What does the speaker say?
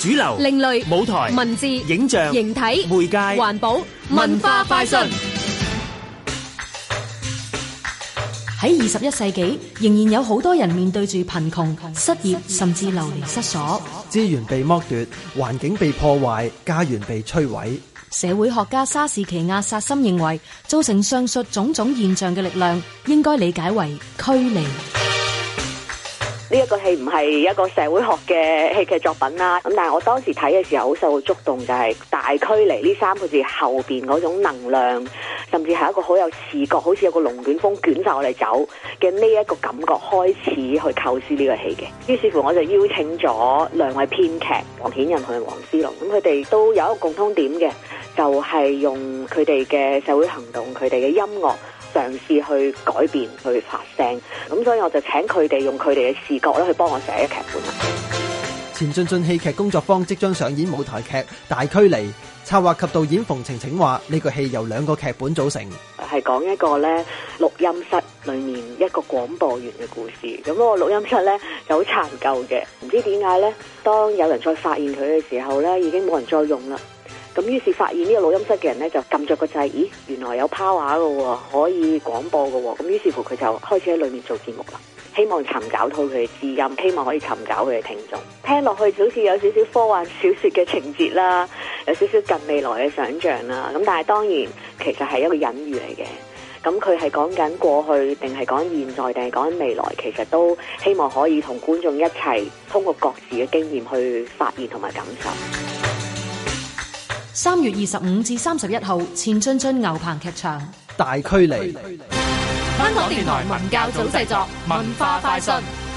主流、另類舞台、文字、影像、形體、媒介、環保、文化快訊。喺二十一世紀，仍然有好多人面對住貧窮、失業，甚至流離失所，資源被剝奪，環境被破壞，家園被摧毀。社會學家沙士奇亞·薩森認為，造成上述種種現象嘅力量，應該理解為驅離。呢一個戲唔係一個社會學嘅戲劇作品啦，咁但係我當時睇嘅時候好受觸動，就係、是、大驅離呢三個字後邊嗰種能量，甚至係一個好有視覺，好似有個龍捲風捲晒我哋走嘅呢一個感覺，開始去構思呢個戲嘅。於是乎我就邀請咗兩位編劇黃顯仁同埋黃思龍，咁佢哋都有一個共通點嘅，就係、是、用佢哋嘅社會行動，佢哋嘅音樂。嘗試去改變、去發聲，咁所以我就請佢哋用佢哋嘅視覺咧去幫我寫嘅劇本啦。前進進戲劇工作坊即將上演舞台劇《大驅離》，策劃及導演馮程程話：呢、這個戲由兩個劇本組成，係講一個咧錄音室裏面一個廣播員嘅故事。咁個，錄音室咧又好殘舊嘅，唔知點解咧，當有人再發現佢嘅時候咧，已經冇人再用啦。咁於是發現呢個錄音室嘅人咧就撳着個掣，咦，原來有 power 嘅喎，可以廣播嘅喎。咁於是乎佢就開始喺裏面做節目啦，希望尋找到佢嘅字音，希望可以尋找佢嘅聽眾。聽落去就好似有少少科幻小説嘅情節啦，有少少近未來嘅想像啦。咁但係當然，其實係一個隱喻嚟嘅。咁佢係講緊過去，定係講緊現在，定係講緊未來，其實都希望可以同觀眾一齊通過各自嘅經驗去發現同埋感受。三月二十五至三十一號，錢津津牛棚劇場，大區嚟。香港離電台文教組製作，文化快訊。